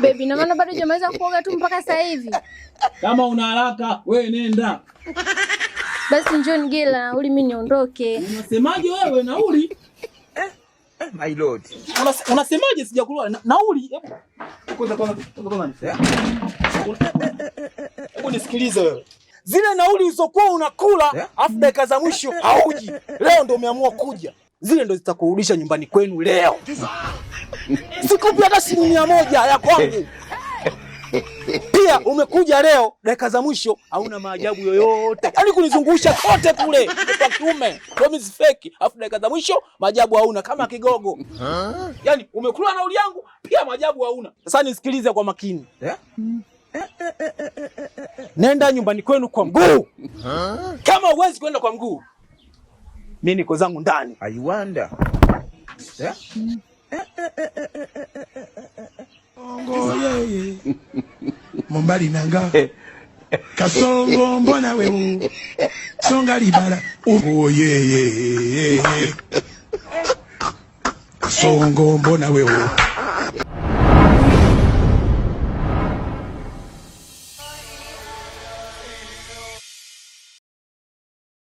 Baby, na maana bado hujamaliza kuoga tu mpaka sasa hivi? Kama una haraka wewe nenda. Basi njoo nigie nauli mimi niondoke. Unasemaje wewe nauli? My lord. Unasemaje sijakula nauli? Eh. Kwanza kwanza kwanza. Hebu nisikilize wewe. Zile nauli ulizokuwa unakula yeah, afu dakika za mwisho hauji. Leo ndio umeamua kuja. Zile ndio zitakurudisha nyumbani kwenu leo sikupi hata simu mia moja ya kwangu. Pia umekuja leo dakika za mwisho, hauna maajabu yoyote, yaani kunizungusha kote kule kwa kiume, promise fake, afu dakika za mwisho maajabu hauna, kama kigogo. Yaani umekula nauli yangu, pia maajabu hauna. Sasa nisikilize kwa makini yeah? Nenda nyumbani kwenu kwa mguu. Kama huwezi kwenda kwa mguu, mimi niko zangu ndani. I wonder. Yeah? ngoyeye mombali nanga kasongo mbona we songa libala ngoyeye kasongo mbona we